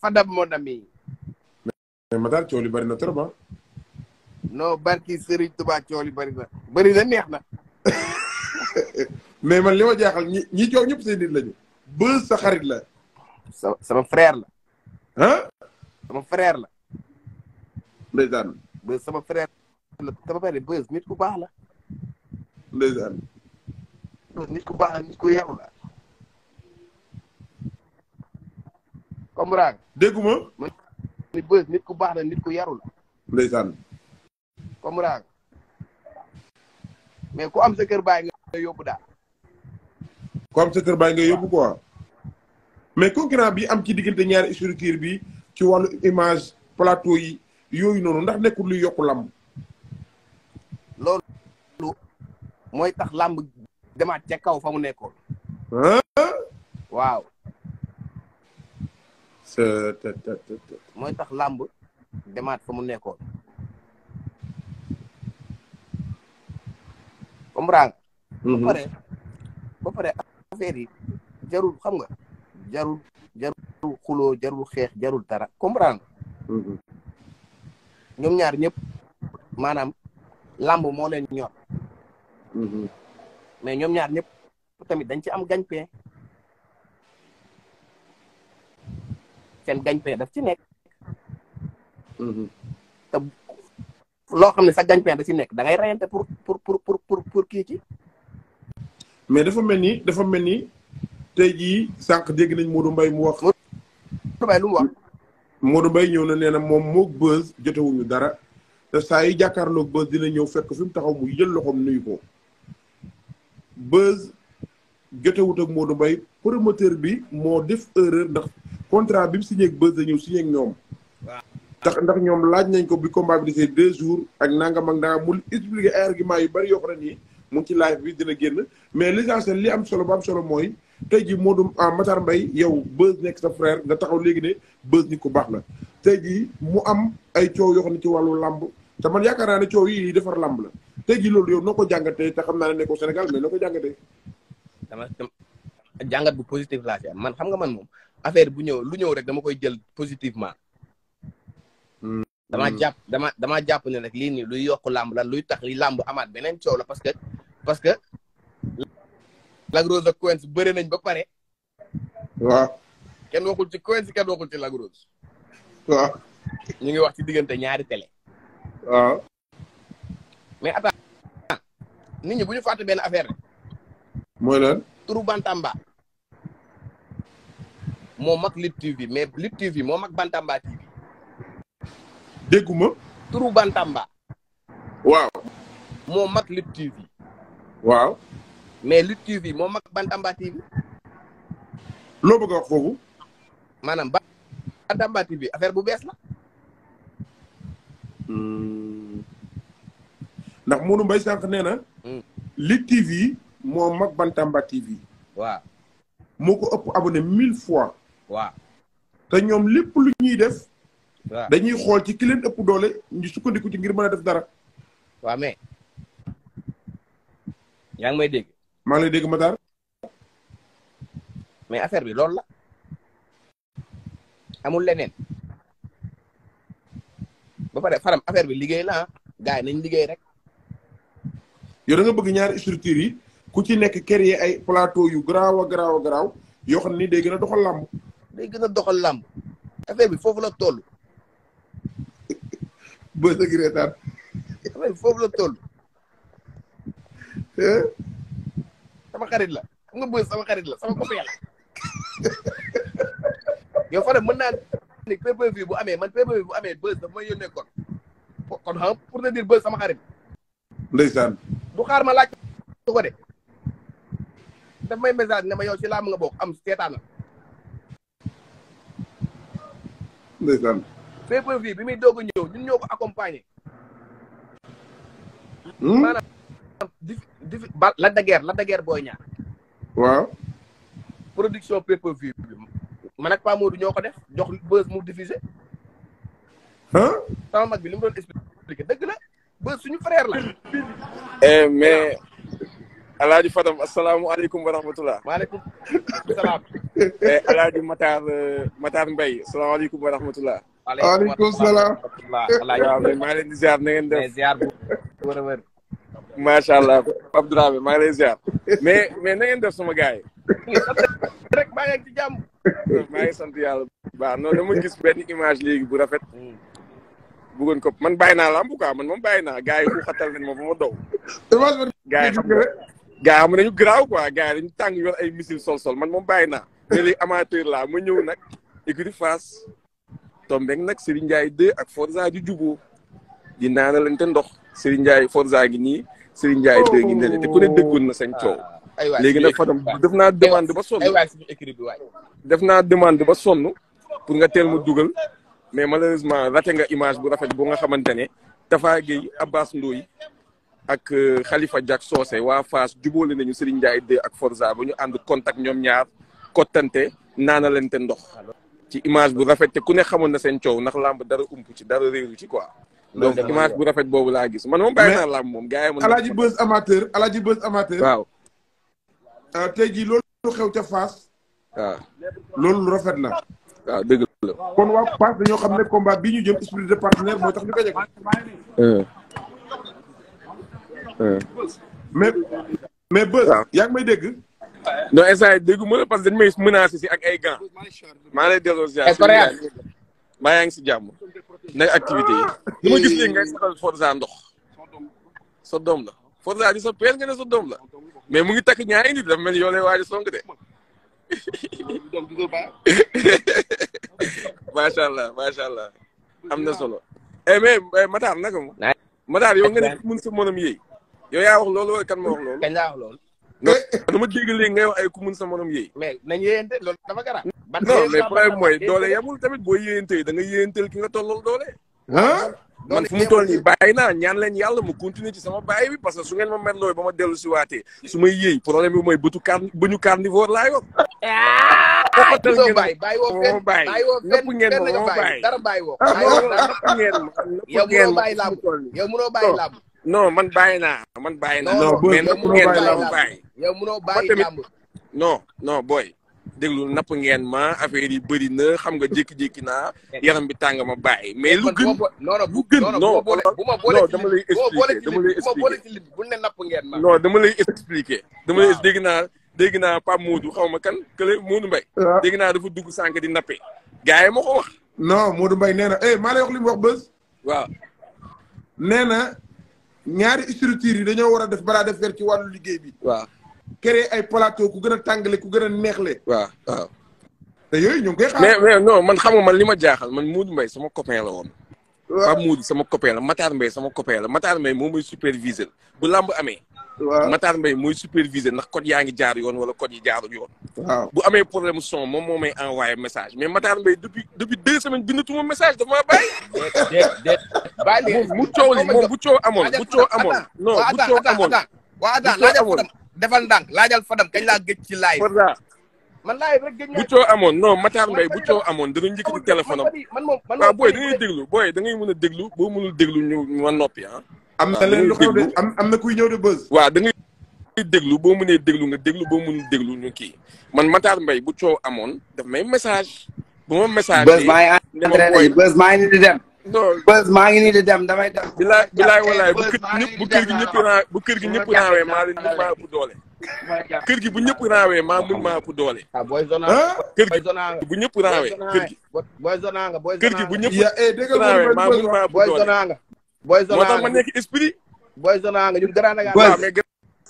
fadab mon ami. mais Matar coow li bari na trop no ah. non barki Serigne Touba coow bari na bari na neex na. mais man ma jaaxal ñi ñi coow ñëpp say nit lañu. Beuz sa xarit la. sa sama frère la. ah. sama frère la. sama frère la sama frère Beuz nit ku baax la. ndeysaan. nit ku baax nit ku yeewu la. comprendre dégguma ni bës nit ku baax la nit ku yarul ndeysaan comprendre mais ku am sa kër bàyyi nga yóbbu daal ku am sa bàyyi nga yóbbu quoi mais concurrent bi am ci diggante ñaar structure bi ci wàllu image plateau yi yooyu noonu ndax nekkul luy yokku làmb loolu mooy tax làmb demaat ca kaw fa mu nekkoon waaw mooy tax làmb demaat fa mu nekkoon. comprendre. ba mhm. pare ba pare affaire yi jarul xam nga jarul jarul xuloo jarul xeex jarul dara comprendre. Mhm. ñoom ñaar ñëpp maanaam làmb moole leen ñor. Mhm. mais ñoom ñaar ñëpp tamit dañ ci am gagne-pain seen gagne daf ci nekk. Mhm. te loo xam ne sa gagne-pain daf ci nekk da ngay reyante pour pour pour pour pour kii ci. mais dafa mel ni dafa mel ni tey jii sànq dégg nañ Modou mbay mu wax. lu mu wax. Modou ñëw na nee na moom moog Beuz jotewuñu dara te saa yu jàkkaarloog Beuz dina ñëw fekk fi taxaw mu jël loxoom nuyu ko Beuz jotewut ak Modou Mbaye promoteur bi moo def erreur ndax contrat bi mu signé ak Beuz da ñëw signé ak ñoom. tax ndax ñoom laaj nañ ko bi combat bi deux jours ak nangam ak nangam mu expliqué ay argument yu bari yoo xam nii mu ngi ci live bi dina génn mais l'essentiel li am solo ba am solo mooy tey jii Modou ah Matar mbay yow Beuz nekk sa frère nga taxaw léegi ne Beuz nit ku baax na tey jii mu am ay coow yoo xam ne ci wàllu làmb te man yaakaar naa ne coow yi defar làmb la tey loolu yow noo ko jàngatee te xam naa ne Sénégal mais noo ko jàngatee. dama jàngat bu positif laa fi am man xam nga man moom affaire bu ñew lu ñew rek dama koy jël positivement. Hmm. dama japp dama dama japp ne rek li ni luy yok lamb lan luy tax li lamb amat benen ciow la parce que parce que. la Rose coins Quench bëre nañ ba paré wa kenn waxul ci coins kenn waxul ci la Rose. wa ñi ngi wax ci digënté ñaari télé. wa mais attends nit ñi buñu ben affaire moy lan. Bantamba. Mon mac Lip TV mais Lip TV mon Bantamba TV. Dégouma? Trou Bantamba. Wow. Mon mac TV. Wow. mais Lip TV mon mac Bantamba TV. Lobo madame, a wax Bantamba TV affaire bu la. Hmm. ndax TV Wow. mac Bantamba TV. Wow. abonné mille fois. waaw te ñom lepp lu ñuy def. dañuy xol ci ki leen ëpp doole ñu sukkandiku ci ngir mëna def dara. wa mais. yang may dégg. ma lay dégg Matar. mais affaire bi lool la. amul leneen. ba pare faram affaire bi liggéey la ah. gaay nañ liggéey rek. yow da nga bëgg ñaari structure yi ku ci nekk créer ay plateau yu graw graw graw yo xamni doxal lamb day gën a doxal làmb affaire bi foofu la toll. boo sa reetaan. affaire bi foofu la toll. sama xarit la xam nga booy sama xarit la sama copain la. yow Fadam mën naa ne bu amee man pay per bu amee bës dafa may yónnee kon kon xam pour te dire bës sama xarit. ndeysaan. du xaar ma laaj ko de daf may message ne ma yow ci nga bokk am seetaanal. ndeysaan pay bi muy doog a ñëw ñun ñoo ko accompagner hmm? maanaam di di ba la daguerre la daguerre booy ñaar waaw production pay per view bi man ñoo ko def jox buzz mu diffusé sama mag bi li mu doon expliqué dëgg la buzz suñu frère la eh, mais alaaji Fadam asalaamualeykum wa rahmatulah. waaleykum salaam. Eh, alaaji Matar eh, Matar Mbaye salaamaaleykum wa rahmatulah. waaleykum salaam. waaw man maa leen di ziar na ngeen def. ziar bu wër a wër. macha allah Abdourahmane maa ngi lay ziar. mais mais na ngeen def sama gars yi. rek maa ngi ci jàmm. maa ngi sant yàlla bu baax non dama gis benn image léegi bu rafet. ko man bàyyi naa lamb quoi man moom bàyyi naa gars yi ku xatal nañ ma ba ma dow. gars yi gars yi am nañu garaaw quoi gars yi dañu tàng yor ay missile sol sol man moom bàyyi naa ne léegi amateur laa ma ñëw nag écurie Fass tombeek nag Serigne Ndiaye 2 ak Forza di juboo di naanalante ndox Serigne Ndiaye Forza gi nii Serigne Ndiaye 2 gi nele te ku ne déggoon na seen coow ah, léegi nag Fadam def naa demande ba sonn def naa demande ba sonn pour nga teel ma dugal mais malheureusement raté nga image bu rafet bu nga xamante ne Tafa Gueye Abbas Ndoye ak xalifa euh, Diak Socé waa Fass jubóole nañu Serigne Ndiaye 2 ak Forza ba ñu ànd contact ñoom ñaar kottante te ndox. ci image bu rafet te ku ne xamoon na seen coow ndax làmb dara ump ci dara réeru ci quoi. donc image bu rafet boobu laa gis man moom bàyyi naa làmb moom gars yi moom. alaaji buzz amateur alaaji buzz amateur. waaw. Euh, tey jii lool xew ca Fass. waaw loolu rafet na waaw dëgg la. kon waa Fass dañoo xam ne combat bi ñu jëm esprit de partenaire moo tax ñu gañe ko. Euh. mais mais bës ah, yaa ngi may dégg. non instant yii déggu ma la parce que dañ may menacé si ak ay gants. maa lay delloo si yaa maa yaa ngi si jàmm. nag activité yi. li ah. ma gis léegi ngay saxal ndox. sa doom la Forza di sa père nga ne sa doom la. mais mu ngi takk ñaari nit dafa mel ni yow lay de. macha allah macha allah. am na solo. eh mais eh, Matar nag ma. Matar yow nga ne mun sa mënam yéey. yow yaa wax loolu wala kan ma wax loolu. kañ laa wax loolu. non ma dégg léegi ngay ku mun sa morom yéey. mais nañ yéeyante loolu dafa garaan. ban non problème mooy doole yamul tamit boo yéeyantee da nga yéeyanteel ki nga tollal doole. ah. man fu mu toll nii bàyyi naa ñaan leen yàlla ma continuer ci sama bàyyi bi parce que su ngeen ma merlooy ba ma dellu si waatee su may yéey problème bi mooy bëtu car bëñu carnivore laa yor. ah gisoo bàyyi bàyyi woo fenn bàyyi woo fenn ngeen ma ma bàyyi dara bàyyi woo. ah ma ma ma ma ma non man bàyyi naa man bàyyi naa. non booy napp ngeen bàyyi. yow munoo bàyyi làmb non non booy. déglu napp ngeen ma affaire yi bëri xam nga jékki-jékki naa yaram bi tàng ma bàyyi. Eh, mais lu gën lu gën non non dama lay expliquer dama lay expliquer. non dama lay expliquer. dama lay dégg naa dégg naa Pape Modou xaw ma kan kële Modou Mbaye. waaw ah. dégg naa dafa dugg sànq di nappe. gars yi ma ko wax. non Modou Mbaye nee na eh maa lay wax li mu wax bës. waaw nee na. ñaari structure yi dañoo war a def balaa def dara ci wàllu liggéey bi. waaw créer ay plateau ku gën a tàngale ku gën a neexle. waaw waaw. te yooyu ñu ngi koy xaar. mais mais non man xam nga man li ma jaaxal man Moodu Mbaye sama copain la woon. waaw Pape Moodu sama copain la Matar Mbaye sama copain la Matar Mbaye moom mooy superviseur bu làmb amee. Matar Mbaye moy superviser ndax code yaangi jaar yoon wala code yi bu problème son mom momay message mais Matar depuis depuis deux semaines bindatuma message non bu je suis Fadam defal dank lajal Fadam kagn live. man live rek gëj bu non Matar Mbaye bu téléphone man mom man da ngay déglu da ngay am na ah, leen lu am na kuy ñëw de buzz. waaw da ngay déglu boo mënee déglu nga déglu boo mënul déglu ñu kii man Matar Mbaye bu coow amoon daf may message. bu ma message buzz maa ngi maa ngi nii dem. buzz maa ngi nii di dem damay dem. bilaay bilaay walaay bu kër gi ñëpp bu kër gi ñëpp raa bu kër gi ñëpp raawee maa leen mën kër gi bu ñëpp raawee maa mën maa kër gi bu ñëpp raawee kër gi. booy zona booy zona nga moo tax ma nekk esprit. booy zona nga ñun Grand Dakar. waaw mais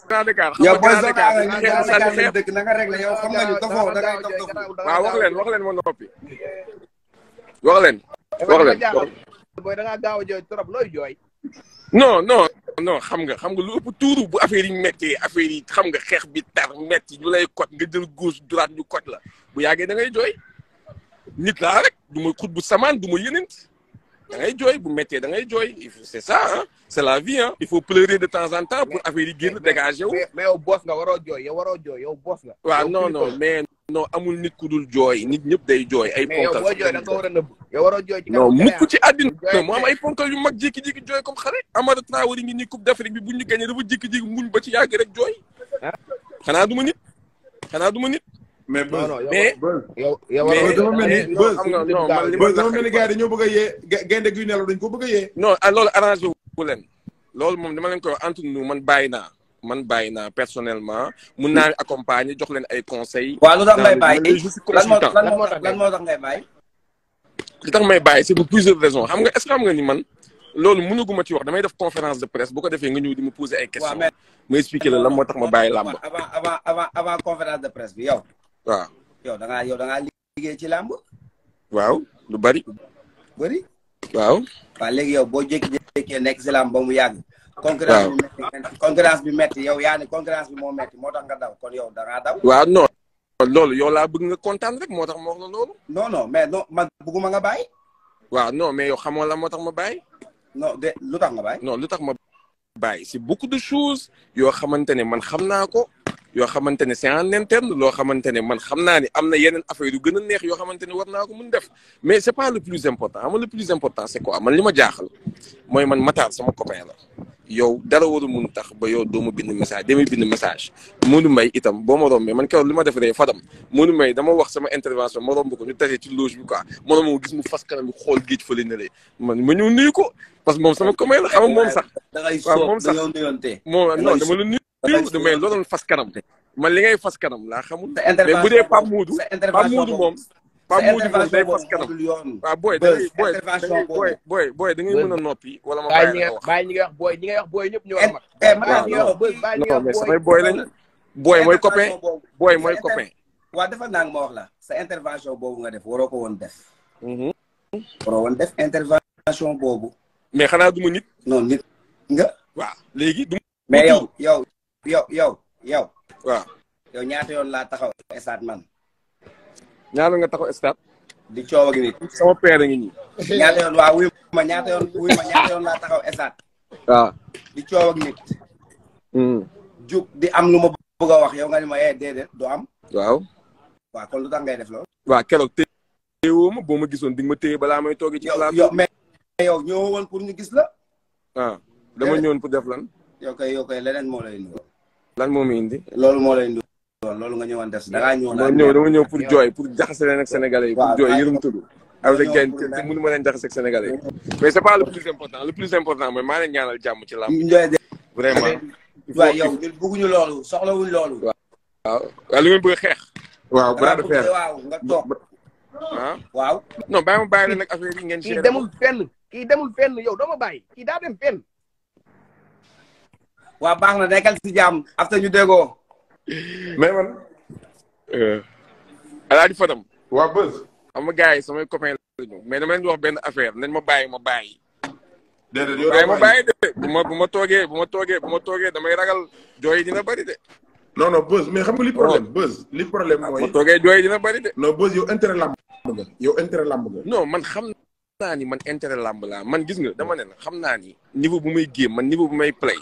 Grand Dakar. yow booy zona nga Grand Dakar lañ dëkk na nga réglé yow xam nga ni dofoo da ngay dof dof. waaw wax leen wax leen ma noppi. Eh, wax leen. Eh, wax leen booy da ngaa gaaw a jooy trop looy jooy. non non non xam nga xam nga lu ëpp tuuru bu affaire yi méttee affaire yi xam nga xeex bi tar métti ñu lay kot nga jël gauche droite ñu kot la bu yàggee da ngay jooy nit laa rek du ma xut bu samaan du ma yenent da ngay jooy bu méttee da ngay jooy c'est ça hein? c'est la vie hein il faut pleurer de temps en temps pour avoir yi dégager wu. mais au boss nga waroo joy. yow waroo jooy yow boss. nga. waaw non non mais non amul nit ku dul jooy nit ñep day joy ay ponkal mais yow joy da nga war a nëbb. yow waroo ci non mukk ci non moo am ay ponkal yu mag jiki jiki joy comme xale. Amara Traoré ngi ni Coupe d'Afrique bi buñu ñu gagné dafa jiki jiki muñ ba ci yag rek joy hein? xana duma nit xana duma nit. mais buzz mais yow yow dafa mel ni eh, buzz buzz dafa mel ni gars yi dañoo bëgg a yee gaynde guy dañ ko bëgg a yee non ah, loolu arrangé wu loolu moom dama leen koy wax entre nous man bàyyi naa man bàyyi naa personnellement mun naa accompagner jox leen ay conseil waaw lu tax ngay bàyyi lan moo tax may bàyyi c'est pour plusieurs raisons xam nga est-ce que xam nga ni man loolu mënuguma ci wax damay def conférence de presse bu ko defee nga ñëw di ma poser ay questions ma expliquer la lan moo tax ma bàyyi làmb avant avant de presse yow waaw yow da ngaa yow da ci làmb waaw lu bari bëri waaw waaw léegi yow boo jékki-jékkee nekk si làmb ba mu yàgg concurrence bi metti concurrence bi metti yow yaa ne concurrence bi moo metti moo tax nga daw kon yow da ngaa daw waaw loolu yow laa bëgg nga kontaan rek moo tax ma wax la loolu non non mais non man bëgguma nga baay waaw non mais yow xamoo la moo tax ma bàyyi non lu tax nga bàyyi non lu tax ma bàyyi de choses yoo xamante ne man xam naa ko yoo xamante ne c'est en interne loo xamante ne man xam naa ne am na yeneen affaire gën a neex yoo xamante war naa ko mun def mais c'est pas le plus important ama le plus important c'est quoi man li ma jaaxal mooy man Matar sama copain yow dara waru mun tax ba yow doo bind message demee bind message Modou Mbaye itam boo ma rombee man keroog li ma def ree fadam Modou Mbaye dama wax sama intervention ma romb ko ñu tase ci loge bi quoi ma romb gis mais loo doon fas kanam man li ngay fas kanam laa xamul. mais bu dee Pape Moodu Pape Moodu moom. Pape Moodu moom day fas kanam waaw booy da ngay booy da ngay booy booy booy wala ma bàyyi la wax bàyyi ñi nga wax booy ñi nga wax booy ñëpp eh, eh, ñoo mag. non mais samay booy lañ booy mooy copain booy mooy copain. waaw dafa naan ma wax la sa intervention boobu nga def waroo ko woon def. Mm-hmm. waroo woon def intervention boobu. mais xanaa duma nit. non nit nga. waaw léegi du mais yow yo yo yo wa yo ñaata yon la taxaw estat man. ñaata nga taxaw estat di coow ak nit. sama père ngi ni ñaata yon wa wuy ma ñaata yon wuy ma ñaata yon la taxaw estat wa di coow ak nit. juk di am luma bëgg wax yow nga ni ma eh dede do am. waaw. wa kon lu tax ngay def lo wa keroog téwuma woo ma boo ma gisoon di nga ma téye may togi ci xalaat yo mais yow ñëwoon pour ñu gis la. ah dama ñëwoon pour def lan. yow kay yow kay leneen mo lay ñëw lan moo muy indi. loolu moo lay indi loolu nga ñëwoon des. da ngaa ñëw naan ñëw dama ñëw pour jooy pour jaxase leen ak sénégalais yi. pour jooy yërëm tudd. waaw waaw gain te mënu ma leen jaxase ak sénégalais yi. mais c'est pas le plus important le plus important mooy maa leen ñaanal ci làmb. vraiment. waaw yow ñun bëgguñu loolu soxlawuñ loolu. waaw waaw li ngeen bëgg xeex. waaw bras de fer ah waaw. non ma bàyyi la nag kii demul fenn kii demul fenn yow doo ma kii daa dem fenn waa baax na nekkal si jàmm afta ñu déggoo. mais man. Euh, alaaji Fadam. waa bës. xam nga yi samay copains lañu mais dama leen benn affaire nañ ma bàyyi ma bàyyi. ma bàyyi de bu ma toogee bu ma toogee bu ma toogee damay ragal jooy dina bëri de. non non buzz li problème oh. buzz li ah, toogee jooy dina bëri de. non buzz yow intérêt làmb nga yow man xam naa ni man intere làmb laa man gis nga dama ne xam naa ni niveau bu may géem man niveau bu may play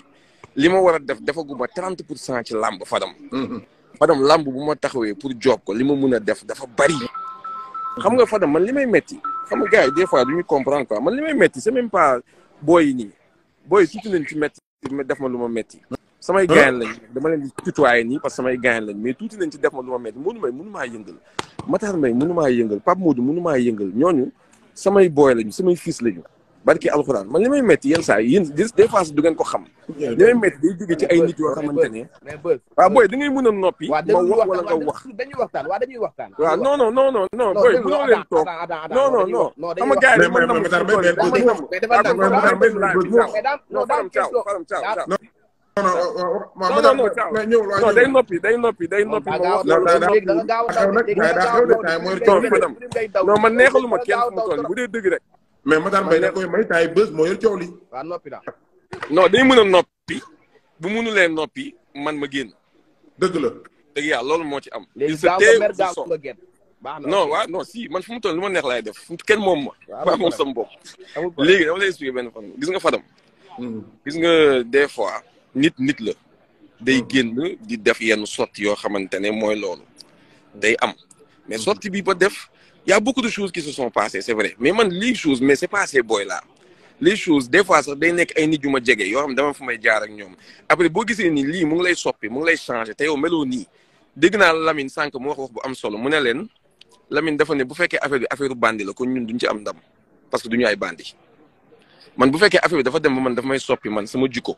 li ma war a def defaguma trente pour cent ci làmb fadam fadam làmb bu ma taxawee pour joob ko li ma mun a def dafa bari xam nga fadam man li may metti xam nga gars ñu comprendre man li may metti c'est même pas booyi nii booyi tuuti leen ci metti def ma lu ma metti samay gaañ lañ dama leen di tutoyer nii parce que samay gaañ lañ mais tuuti nañ ci def ma lu ma metti Modou Mbaye mënu maa yëngal Matar Mbaye mënu maa yëngal Pape Modou mënu maa yëngal ñooñu samay booy lañu samay fils lañu barki alxuraan ma li may métti yenn saa yéen des fois du ngeen ko xam. li may métti day jóge ci ay nit yoo xamante ne. waaw booy da ngay mën a noppi. ma wax wala nga wax dañuy waxtaan waaw dañuy waxtaan. waaw non non non non non booy mënoo leen toog non non non. xam nga gars yi man namm si tool yi man namm. non faram caaw faram caaw. non non day noppi day noppi day noppi ma wax loolu. non man neexaluma kenn fu mu toll bu dee dëgg rek mais Matar Mbaye da koy may taay bës moo yor coow li. noppi daal. non day mën a noppi bu mënulee noppi man ma génn. dëgg la. dëgg yàlla loolu moo ci am. léegi daaw nga mer daaw baax na non waaw non si man fu mu toll lu ma neex laay def fu kenn moom ma. waaw moom sam bopp. léegi dama lay expliquer benn fan gis nga Fadam. Hmm. gis nga des fois nit nit la. day hmm. génn di def yenn sotti yoo xamante ne mooy loolu. day am mais hmm. sotti bi ba def. y a beaucoup de choses qui se sont passées c'est vrai mais man lii choses, mais c'est pas ces boy là les choses des fois sax day nek ay nit yu ma jege yo xam dama fu may jaar ak ñom. après bo gisee ni lii mu ngi lay soppi mu ngi lay changé te yow dégg naa Lamine Sank mo wax wax bu am solo mu ne len Lamine dafa ne bu fekkee affaire bi affaire bandi la ko ñun duñ ci am ndam parce que duñu ay bandi man bu fekkee affaire bi dafa dem ba man dafa may soppi man sama jikko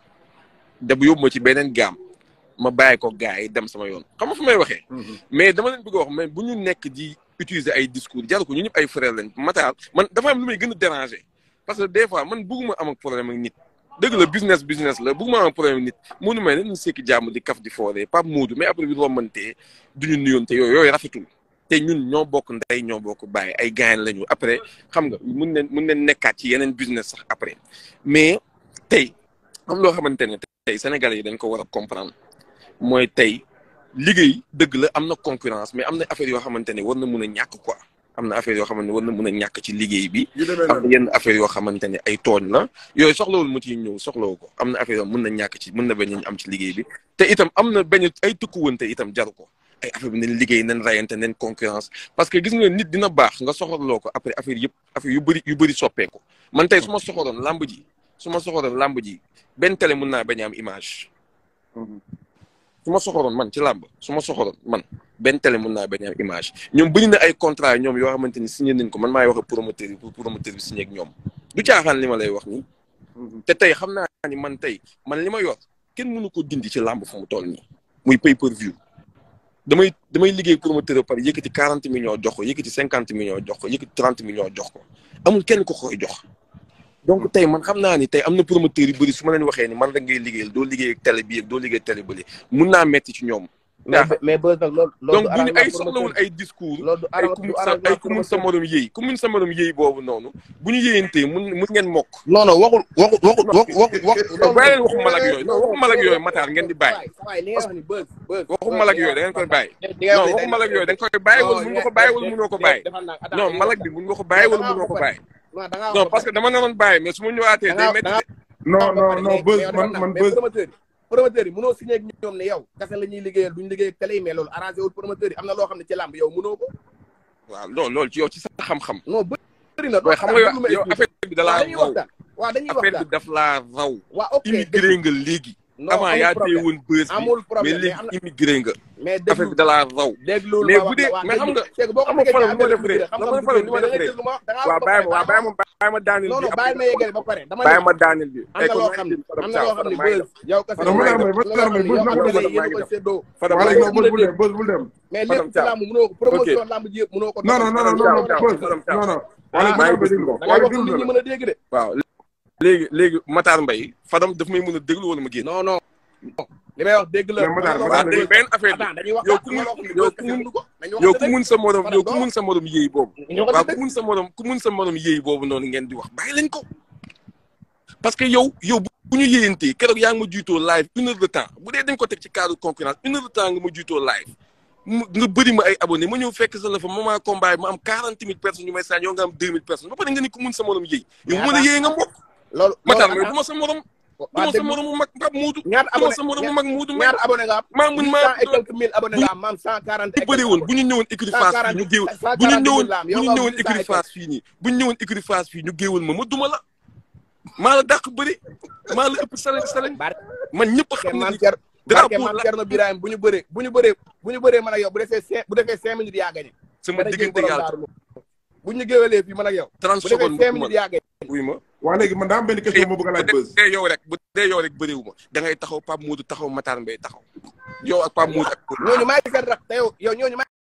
da bu yóbbu ci benen gam ma bayiko gaay dem sama yoon xam nga fu may waxee. Mm-hmm. mais dama len bëgg wax mais bu ñu nekk di. utiliser ay discours jaru ko ñu ñëpp ay frère lañ Matar man dafa am lu may gën a déranger parce que des fois man bëgguma am ak problème ak nit dëgg la business business la bëgguma am ak problème ak nit mënu may ne ñu sekki jàmm di kaf di fooree Pape Modou mais après bi romantee duñu nuyoonte yooyu yooyu rafetul te ñun ñoo bokk ndey ñoo bokk bàyyi ay gaañ lañu après xam nga mun nañ nekkaat ci yeneen business sax après mais tey am loo xamante ne tey sénégalais yi dañ ko war a comprendre liggéey dëgg la am na concurrence mais am na affaire yoo xamante ne war na mun a ñàkk quoi am na affaire yoo xamante ne war na mun a ñàkk ci liggéey bi am na yenn affaire yoo xamante ne ay tooñ la yooyu soxlawul mu ciy ñëw soxlawu ko am na affaire yoo mun na ñàkk ci mun na bañ am ci liggéey bi te itam am na bañ ay tukkuwante itam jaru ko ay affaire bi nañ liggéey nañ rayante nañ concurrence parce que gis nga nit dina baax nga soxorloo ko après affaire yëpp affaire yu bëri yu bëri soppeeku man tey su ma soxoroon làmb ji su ma soxoroon làmb ji benn télé mun naa bañ am image mm-hmm. su ma soxoroon man ci làmb su ma soxoroon man benn télé mun naa bañ image ñoom ñu ne ay contrat ñoom yoo xamante ni signé nañ ko man maay wax ak promoteur bi pour promoteur bi signé ak ñoom du caaxaan li ma lay wax ni mhm. te tey xam naa ni man tey man li ma yor kenn mënu ko dindi ci làmb fu mu toll nii muy pay per view damay damay liggéey promoteur ba pare yëkkati quarante millions jox ko yëkkati cinquante millions jox ko yëkkati trente million jox ko amul kenn ko koy jox. donc tey man xam naa ni tey am na promoteur yu bëri su ma leen waxee ni man rek ngay liggéeyal doo liggéey ak télé bi ak doo liggéey télé bële mun naa metti ci ñoom. mais mais booy nag loolu. donc bu ñu ay soxlawul ay discours. loolu ay ku mun sa ay mun yëy ku sa morom yëy boobu noonu bu ñu yëyantee mun mun ngeen mokk. non non waxul waxul waxul waxul waxul. bàyyi leen waxu malak yooyu non waxu malak yooyu mataar ngeen di bàyyi. waxu malak yooyu da ngeen koy bàyyi. non waxu malak yooyu da nga koy bàyyi wala mun nga ko bàyyi wala munoo ko bàyyi. non da ngaa non parce que dama ne woon bàyyi mais su ma ñëwaatee. day métti non non non bës man man bës. promoteur yi promoteur yi mënoo signé ak ñoom ne yow kese la ñuy liggéeyal duñ liggéey ak télé yi mais loolu arrangé wul am na loo xam ne ci làmb yow mënoo ko. waaw loolu loolu ci yow ci sa xam-xam. non bëri na xam nga yow affaire bi da laa raw. waaw dañuy wax daal affaire bi avant yaa téye bës bi mais léegi nga. mais dégg da laa raw. dégg loolu mais bu dee mais xam nga. dégg boo xam ne faram li ma def rek xam nga faram li ma def rek waaw bàyyi ma waaw bàyyi ma daanil bi. non ma yeggale ba pare dama ne bàyyi ma daanil bi. am na loo xam ne am na loo xam ne bës léegi léegi Matar Mbaye Fadam daf may mën a não wala ma não non non li may wax dégg la. mais Matar Matar dañuy benn affaire bi yow ku mun yow ku mun yow ku mun sa morom yow ku mun sa morom yéey boobu. waaw ku mun sa morom ku mun sa morom yéey boobu noonu ngeen di wax bàyyi lañ ko. parce que yow yow bu ñu yéyantee keroog yaa ngi ma jiitoo live une heure de temps bu dee dañ ko teg ci cadre concurrence une heure de temps nga ma jiitoo live. nga bëri ma ay abonné ma ñëw fekk sa la fa moment combat ma am quarante mille personnes ñu may não yow nga am deux mille personnes ba pare nga ni ku mun sa yow nga mbokk loolu Matar Mbaye du ma sa morom. waaw oh, dëgg du ma ah, sa moromu mag Pape Moodu. ñaar abonné du ma sa moromu mag Moodu. ñaar abonné nga am maa mun maa. cent et quelques mille abonné nga am maam cent quarante et quelques. bu bëri woon bu ñu ñëwoon écurie Fass fii ñu géew. bu ñu ñëwoon bu ñu ñëwoon écurie Fass fii nii bu ñu ñëwoon écurie Fass fii ñu géewal ma ma duma la. maa la dàq bëri maa la ëpp salañ salañ man ñëpp xam na ni barke maam Cerno Birahim bu ñu bëree bu ñu bëree bu ñu bëree man ak yow bu defee cinq bu defee cinq minutes yaa gañe sama diggante yàlla bu ñu géewalee fii man ak yow 30 secondes bu defee cinq minutes yaa gañe wuy ma wax léegi man daa am benn question ma bëgg a laaj bës. bu dee yow rek bu dee yow rek bëriwu ma da ngay taxaw Pape Modou taxaw Matar Mbaye taxaw yow ak Pape Modou ak. ñooñu maa ngi te yow yow ñooñu